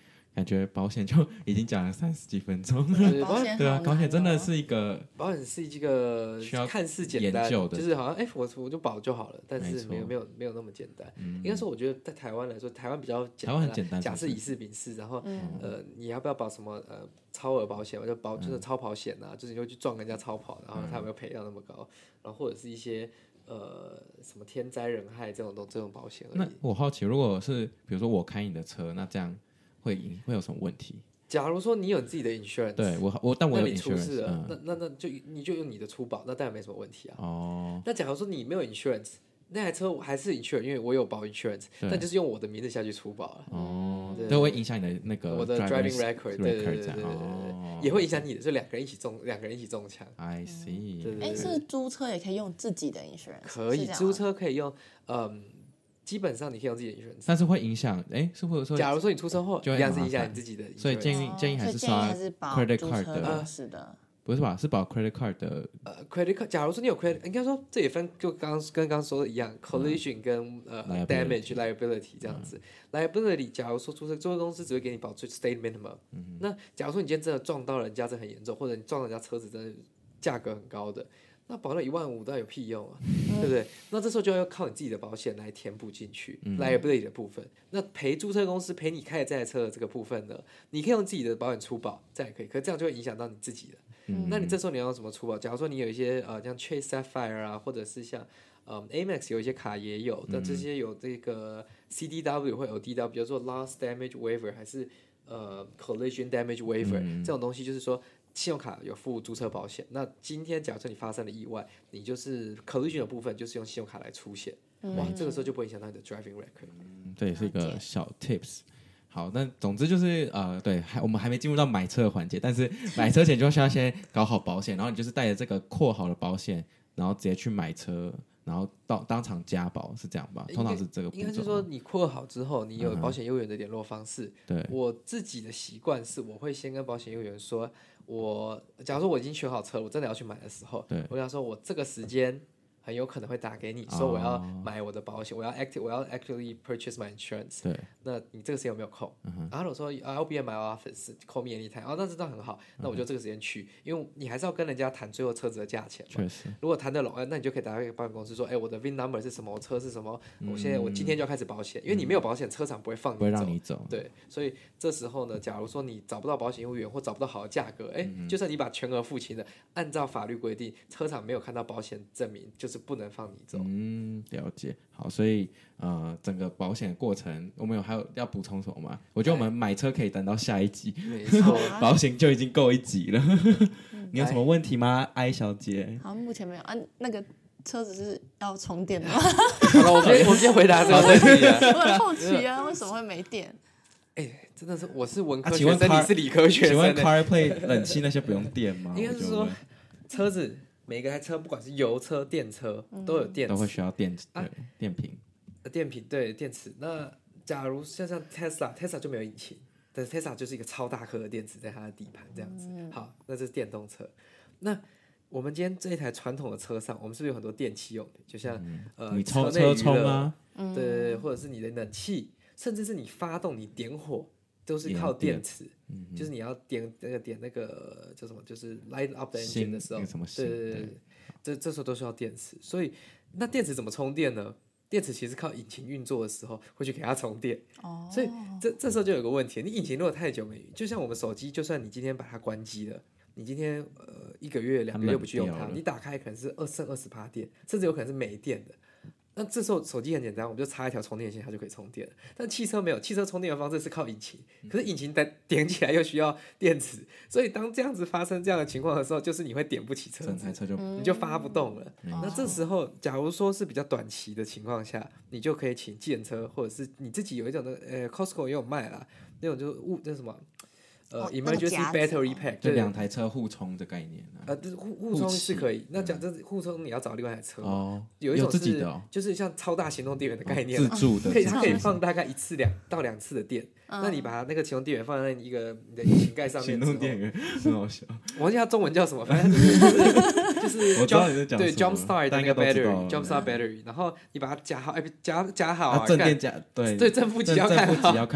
感覺保險就已經講了三十幾分鐘了，對對，對啊，保險真的是一個保險是一個需要看似簡單就的就是好像哎、欸、我我就，就保就好了，但是沒有沒，錯沒有沒有那麼簡單。嗯、應該說我覺得在台灣來說，台灣比較簡單、啊，台灣很簡單。假設以市明事然後、嗯、呃你要不要保什麼呃超額保險，我就保就是超跑險吶、啊，嗯、就是你會去撞人家超跑，然後他們沒有賠到那麼高，嗯、然後或者是一些呃什麼天災人害這種東這種保險。那我好奇，如果是比如說我開你的車，那這樣。會贏會有什麼問題？假如說你有自己的 insurance，對我我，但我有 insurance，那那那就你就用你的出保，那當然沒什麼問題啊。哦。那假如說你沒有 insurance，那台車我還是 insurance，因為我有保 insurance，但就是用我的名字下去出保了。哦。這會影響你的那個我的 driving record，對對對對對也會影響你的，就兩個人一起中兩個人一起中槍。I see。哎，是租車也可以用自己的 insurance？可以租車可以用，嗯。基本上你可以自己的選擇，但是會影響，哎、欸，是或者說，假如說你出車禍，就一樣是影響你自己的。所以建議、oh, 建議還是刷 credit card 的，就是的，uh, 不是吧？是保 credit card 的。呃、uh,，credit card，假如說你有 credit，應該說這也分就剛剛，就剛剛跟剛剛說的一樣，collision 跟呃、uh, damage liability 這樣子、uh,，liability，假如說出車，租車公司只會給你保 state minimum 嘛。Uh huh. 那假如說你今天真的撞到人家，這很嚴重，或者你撞人家車子，真的價格很高的。那保了一萬五，那有屁用啊，對不對？那這時候就要靠你自己的保險來填補進去、mm hmm.，liability 的部分。那賠租車公司賠你開的車的這個部分呢，你可以用自己的保險出保，這樣也可以。可是這樣就會影響到你自己的。Mm hmm. 那你這時候你要怎麼出保？假如說你有一些呃，像 Chase Sapphire 啊，或者是像呃 Amex 有一些卡也有，那、mm hmm. 這些有這個 CDW 或者 LDW，比如說 Loss Damage Waiver，還是呃 Collision Damage Waiver、mm hmm. 這種東西，就是說。信用卡有付租車保險，那今天假設你發生了意外，你就是 collision 的部分就是用信用卡來出險，嗯嗯哇，這個時候就不會影響到你的 driving record。嗯。對，是一個小 tips。好，那總之就是呃，對，還我們還沒進入到買車的環節，但是買車前就需要先搞好保險， 然後你就是帶着這個括好的保險，然後直接去買車，然後到當場加保是這樣吧？通常是這個，應該就是說你括好之後，你有保險業務員的聯絡方式。嗯嗯對我自己的習慣是，我會先跟保險業務員說。我假如說我已經選好車，我真的要去買的時候對，我想說我這個時間。很有可能會打給你、oh, 說我要買我的保險，我要 act，我要 actually purchase my insurance。對，那你這個時間有沒有空、嗯哼？然後我說，I'll be in my office, call me anytime，哦、oh,，那這倒很好，嗯、哼那我就這個時間去，因為你還是要跟人家談最後車子的價錢嘛。實如果談得攏，那你就可以打給保險公司說，哎、欸，我的 VIN number 是什麼？我車是什麼？嗯、我現在我今天就要開始保險，因為你沒有保險，嗯、車廠不會放你走。不會讓你走。對，所以這時候呢，假如說你找不到保險業務員或找不到好的價格，哎、欸，嗯、哼就算你把全額付清的，按照法律規定，車廠沒有看到保險證明就是。是不能放你走。嗯，了解。好，所以呃，整個保險的過程，我們有還有要補充什麼嗎？我覺得我們買車可以等到下一集，保險就已經夠一集了。你有什麼問題嗎，艾小姐？好，目前沒有。啊，那個車子是要充電嗎？我可以我先回答這個問題。我很好奇啊，為什麼會沒電？哎，真的是，我是文科生，你是理科學生？請問 CarPlay 冷氣那些不用電嗎？應該是說車子。每一台車不管是油車、電車，都有電，都會需要電池、啊、電瓶，對電瓶，電瓶對電池。那假如像像、嗯、Tesla，Tesla 就沒有引擎，但是 Tesla 就是一個超大顆的電池在它的底盤這樣子。嗯嗯、好，那這是電動車。那我們今天這一台傳統的車上，我們是不是有很多電器用的？就像、嗯、呃，你衝車內娛樂，嗯、對，或者是你的冷氣，甚至是你發動、你點火，都是靠電池，電嗯、就是你要點那個點那個叫什麼，就是 light up the engine 的時候，對對對，對對，這這時候都是要電池，所以那電池怎麼充電呢？電池其實靠引擎運作的時候會去給它充電，哦、所以這這時候就有個問題，你引擎如果太久沒，就像我們手機，就算你今天把它關機了，你今天呃一個月兩個月不去用它，你打開可能是二剩二十八電，甚至有可能是沒電的。那這時候手機很簡單，我們就插一條充電線，它就可以充電了。但汽車沒有，汽車充電的方式是靠引擎，可是引擎在點起來又需要電池，所以當這樣子發生這樣的情況的時候，就是你會點不起車子，整台車就你就發不動了。嗯、那這時候，假如說是比較短期的情況下，你就可以請借車，或者是你自己有一種的，呃，Costco 也有賣啦，那種就是物叫什麼。呃，emergency battery pack，就兩台、哦、兩台車互充的概念啊，呃，就是互互充是可以，起那講真，互充你要找另外一台車，嗯、有一種是、哦、就是像超大行動電源的概念，哦、可以它 可以放大概一次兩到兩次的電。那你把那個啟動電源放在一個你的引擎蓋上面。啟動電源，真好笑。我忘記它中文叫什麼，反正就是。我到底是講對 Jump Start 那個 Battery，Jump Start Battery，然後你把它夾好，哎，夾夾好正電夾對對，正負極要看好。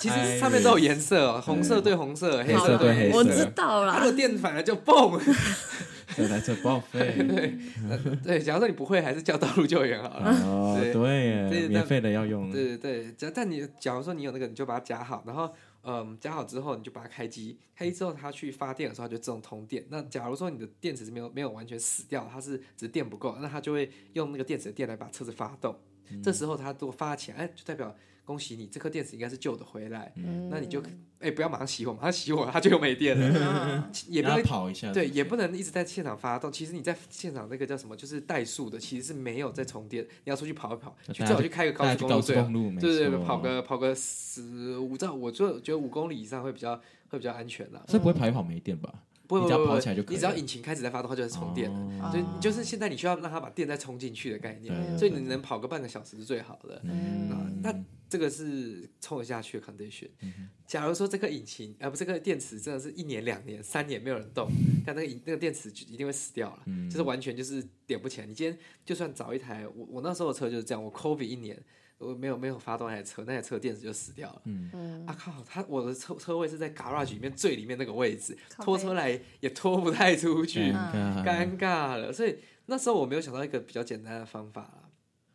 其實上面都有顏色，紅色對紅色，黑色對黑色。我知道啦，它的電，反而就蹦。這來這報廢。 對對，假如說你不會，還是叫道路救援好了。哦，對，對免費的要用。對對對，只要但你假如說你有那個，你就把它夾好，然後嗯，夾好之後你就把它開機，開機之後它去發電的時候它就自動通電。那假如說你的電池是沒有沒有完全死掉，它是只是電不夠，那它就會用那個電池的電來把車子發動。嗯、這時候它都發起來，哎、欸，就代表，恭喜你，這顆電池應該是舊的，回來。那你就哎不要馬上熄火，馬上熄火，它就又沒電了，也不能跑一下，對，也不能一直在現場發動。其實你在現場那個叫什麼，就是怠速的，其實是沒有在充電。你要出去跑一跑，去最好去開個高速公路，對對對，跑個跑個十五兆，我就覺得五公里以上會比較會比較安全啦，所以不會跑一跑沒電吧？不不不你，你只要引擎開始在發動，它就在充電了。就、哦、就是現在你需要讓它把電再充進去的概念，啊、所以你能跑個半個小時是最好的。嗯啊、那這個是充得下去的 condition。嗯、哼假如說這個引擎，而、啊、不是這個電池，真的是一年、兩年、三年沒有人動，呵呵但那個那個電池就一定會死掉了，嗯、就是完全就是點不起來。你今天就算找一台，我我那時候的車就是這樣，我 COVID 一年。我沒有沒有發動那台車，那台車的電池就死掉了。嗯嗯，啊靠！他我的車車位是在 garage 裡面、嗯、最裡面那個位置，拖車來也拖不太出去，尷、嗯、尬了。所以那時候我沒有想到一個比較簡單的方法了、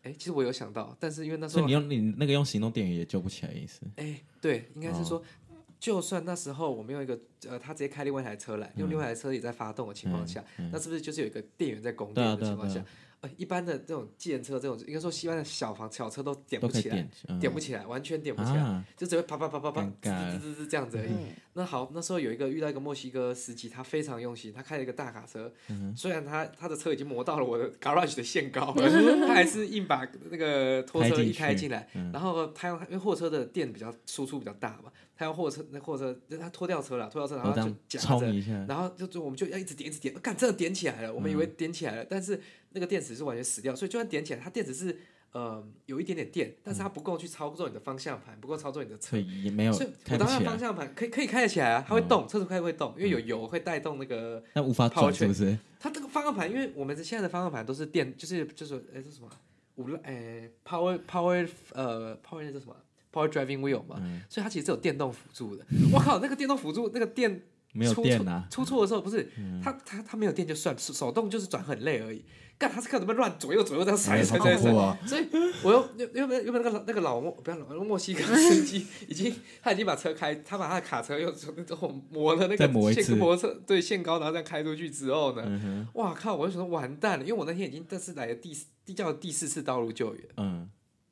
欸。其實我有想到，但是因為那時候所以你用你那個用行動電源也救不起來，意思？哎、欸，對，應該是說，哦、就算那時候我們用一個呃，他直接開另外一台車來，用另外一台車也在發動的情況下，嗯嗯、那是不是就是有一個電源在供電的情況下？呃、欸，一般的這種計程車，這種應該說，西班牙的小房小車都點不起來，點,嗯、點不起來，完全點不起來，啊、就只會啪啪啪啪啪，滋滋滋這樣子而已。嗯、那好，那時候有一個遇到一個墨西哥司機，他非常用心，他開了一個大卡車，嗯、哼雖然他他的車已經磨到了我的 garage 的限高了，嗯、哼他還是硬把那個拖車一開進來，嗯、然後他用因為貨車的電比較輸出比較大嘛。他用貨車，那貨車，他拖吊車了，拖吊車，然後就夾着，然後就就我們就要一直點，一直點，啊、幹這個點起來了，我們以為點起來了，嗯、但是那個電池是完全死掉，所以就算點起來，它電池是呃有一點點電，但是它不夠去操作你的方向盤，不夠操作你的車，嗯、也沒有，所以，我當然方向盤可以可以開得起來啊，它會動，嗯、車子會會動，因為有油會帶動那個，那無法跑，是不是？它這個方向盤，因為我們現在的方向盤都是電，就是就是誒，這什麼？五，誒 power power 呃 power 那叫什麼？Power driving wheel 嘛，嗯、所以它其實是有電動輔助的。我靠，那個電動輔助，那個電出出沒有電啊！出錯的時候不是，嗯、它它它沒有電就算，手手動就是轉很累而已。幹，他是靠什麼亂左右左右這樣踩？對對對。啊、所以我又又又不又不那個那個老莫，不、那、要、個、老、那個、老、老墨西哥的司機，已經 他已經把車開，他把他的卡車又從那種磨了那個限磨車，對限高，然後再開出去之後呢，嗯、哼哇靠！我就想說完蛋了，因為我那天已經這是來了第四，叫第四次道路救援。嗯，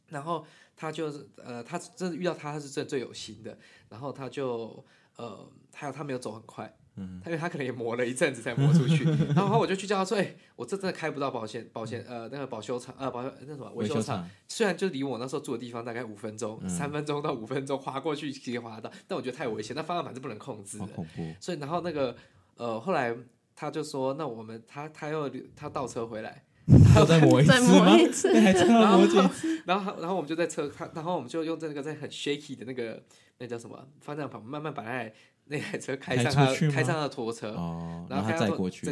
然後。他就是呃，他真的遇到他，他是真的最有心的。然後他就呃，還有他沒有走很快，嗯，因為他可能也磨了一陣子才磨出去。 然後我就去叫他說：“哎、欸，我這真的開不到保險保險、嗯、呃那個保修廠呃保修那什麼維修廠，修廠雖然就離我那時候住的地方大概五分鐘，三、嗯、分鐘到五分鐘滑過去可以滑到，但我覺得太危險，那方向盤是不能控制的，所以然後那個呃後來他就說：那我們他他又他倒車回來。”還要再磨一次車，然後然後然後我們就在車，然後我們就用那個在很 shaky 的那個那叫什麼方向盤，慢慢把它那台車開上它，開上它的拖車，然後再再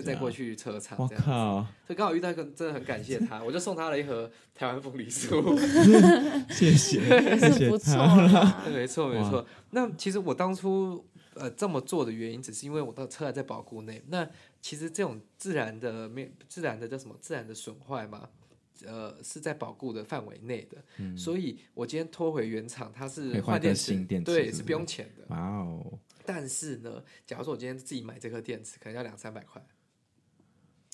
再過去車廠。我靠！就剛好遇到一個，真的很感謝他，我就送他了一盒台灣鳳梨酥。謝謝，是不錯了，沒錯沒錯。那其實我當初。呃，這麼做的原因只是因為我的車還在保固內。那其實這種自然的沒有自然的叫什麼自然的損壞嘛，呃，是在保固的範圍內的。嗯、所以，我今天拖回原廠，它是換電池，電池是是對，是不用錢的。哇哦 Wow！但是呢，假如說我今天自己買這顆電池，可能要兩三百塊，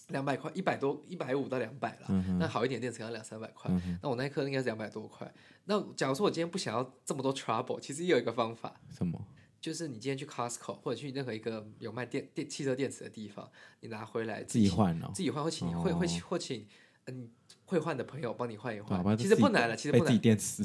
兩百塊，一百多，一百五到兩百了。嗯、哼那好一點電池可能要兩三百塊，嗯、哼那我那一顆應該是兩百多塊。那假如說我今天不想要這麼多 trouble，其實也有一個方法，什麼？就是你今天去 Costco 或者去任何一個有賣電電汽車電池的地方，你拿回來自己換哦，自己換，或請你會會或請嗯會換的朋友幫你換一換。其實不難了，其實不難電池。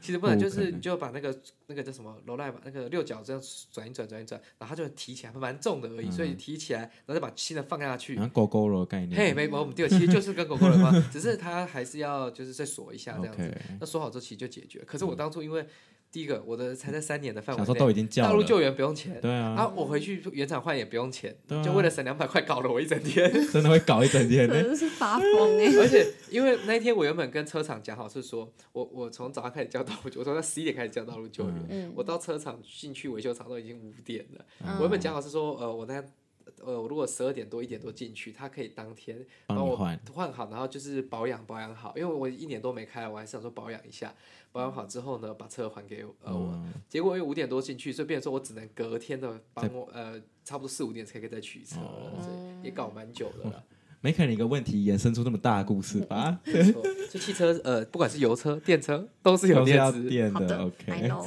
其實不難，就是你就把那個那個叫什麼羅賴吧，那個六角這樣轉一轉，轉一轉，然後就提起來蠻重的而已，所以提起來，然後再把新的放下去。狗狗的概念，嘿，沒毛病。其實就是跟狗狗有關，只是它還是要就是再鎖一下這樣子。那鎖好之後其實就解決。可是我當初因為。第一個，我的才在三年的範圍內，說都已經叫了道路救援不用錢，對啊，啊，我回去原廠換也不用錢，對啊，就為了省兩百塊搞了我一整天， 真的會搞一整天， 欸，真的是發瘋哎！欸，而且因為那一天我原本跟車廠講好是說，我我從早上開始叫到，我我從十一點開始叫道路救援，啊，我到車廠進去維修廠都已經五點了，嗯，我原本講好是說呃我那天。呃，我如果十二點多一點多進去，他可以當天幫我換好，然後就是保養保養好，因為我一年多沒開，我還是想說保養一下，保養好之後呢，把車還給呃我。嗯、結果因為五點多進去，所以變成說我只能隔天的幫我呃，差不多四五點才可以再取車，嗯、也搞蠻久的了、哦。沒可能一個問題延伸出那麼大的故事吧？嗯、沒錯，就 汽車呃，不管是油車、電車都是有電池，沒錯。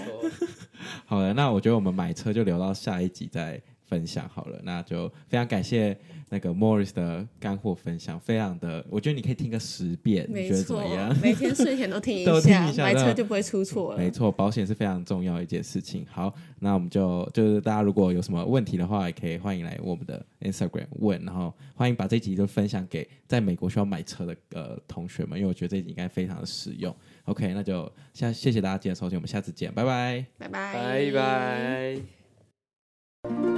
好的，那我覺得我們買車就留到下一集再。分享好了，那就非常感謝那個 Morris 的乾貨分享，非常的，我覺得你可以聽個十遍，沒錯，你覺得怎麼樣？每天睡前都聽一下， 都聽一下買車就不會出錯了。沒錯，保險是非常重要的一件事情。好，那我們就就是大家如果有什麼問題的話，也可以歡迎來我們的 Instagram 問，然後歡迎把這一集都分享給在美國需要買車的呃同學們，因為我覺得這一集應該非常的實用。OK，那就謝謝大家今天收聽，我們下次見，拜拜，拜拜 bye，拜拜。